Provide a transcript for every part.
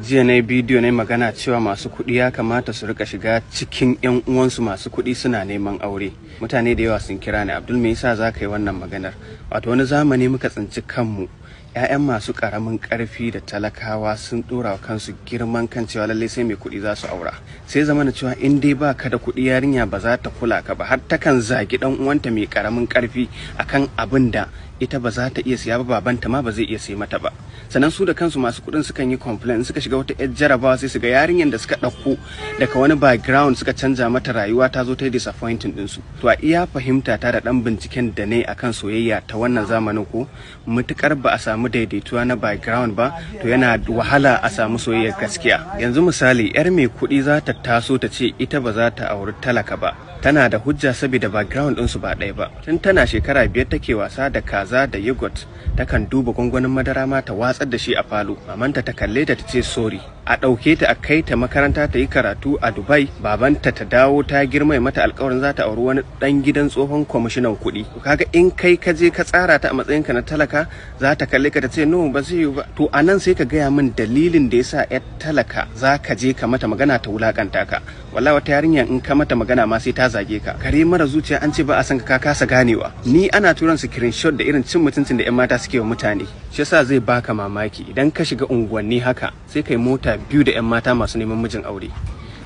jiya na bidiyo na magana cewa masu kuɗi ya kamata su rika shiga cikin 'yan uwansu masu kuɗi suna neman aure mutane da yawa sun kira ni abdul mai yasa za ka yi wannan maganar wato wani zamani muka tsinci kanmu 'ya'yan masu karamin karfi da talakawa sun dora kansu girman kan cewa lalle sai mai kuɗi za su aura sai zama na cewa in dai baka da kuɗi yarinya ba za ta kula ka ba har ta kan zagi dan uwanta mai karamin karfi akan abin da ita ba za ta iya siya ba babanta ma ba zai iya sai mata ba sannan su da kansu masu kuɗin sukan yi complain suka shiga wata yar jarabawa sai su ga yarinyar da suka ɗauko daga wani background suka canja mata rayuwa ta zo ta yi disappointing ɗinsu to a iya fahimta ta da ɗan binciken da ne akan soyayya ta wannan zamanin ko mutukar ba a samu samu daidaituwa na background ba to yana wahala a samu soyayyar gaskiya yanzu misali yar mai kuɗi za ta taso ta ce ita ba za ta auri talaka ba tana da hujja saboda background ɗinsu ba ɗaya ba tun tana shekara biyar take wasa da kaza da yogurt takan duba gwangwanin madara ma ta watsar da shi a falo mamanta ta kalle ta ta ce sorry a ɗauke ta a kai ta makaranta ta yi karatu a dubai babanta ta dawo ta girma mata alkawarin za ta auri wani ɗan gidan tsohon kwamishinan kuɗi kaga in kai ka je ka tsara ta a matsayin ka na talaka za ta kalle ka ta ce no ba zai yi ba to anan sai ka gaya min dalilin da yasa yar talaka za ka je ka mata magana ta wulakanta ka wallahi wata yarinya in ka mata magana ma sai ta zage ka kare mara zuciya an ce ba a san ka kasa ganewa ni ana turan screenshot da irin cin mutuncin da yan mata suke wa mutane shi yasa zai baka mamaki idan ka shiga unguwanni haka sai kai mota biyu da 'yan mata masu neman mijin aure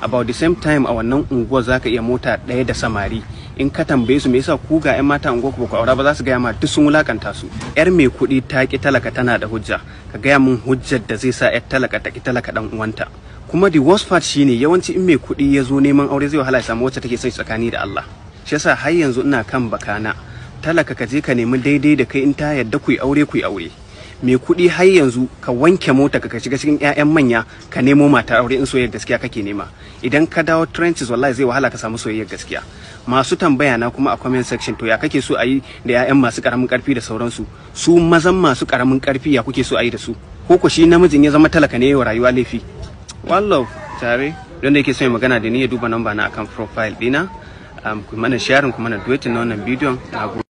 about the same time a wannan unguwar zaka iya mota ɗaya da samari in ka tambaye su me yasa ku ga 'yan mata unguwar ku aura ba za su gaya ma duk sun wulakanta su yar mai kuɗi ta ki talaka tana da hujja ka gaya min hujjar da zai sa yar talaka ta ki talaka dan uwanta kuma the worst part shine yawanci in mai kuɗi ya zo neman aure zai wahala ya samu wacce take son tsakani da Allah shi yasa har yanzu ina kan bakana talaka ka je ka nemi daidai da kai in ta yarda ku yi aure ku yi aure mai kuɗi har yanzu ka wanke mota ka shiga cikin 'ya'yan manya ka nemo mata aure in soyayyar gaskiya kake nema idan ka dawo trenches wallahi zai wahala ka samu soyayyar gaskiya masu tambaya na kuma a comment section to ya kake so a yi da 'ya'yan masu karamin karfi da sauransu su mazan masu karamin karfi ya kuke so a yi da su ko ko shi namijin ya zama talaka ne wa rayuwa laifi wallo tare don da yake son magana da ni ya duba namba na akan profile dina ku mana sharing ku mana duetin na wannan bidiyon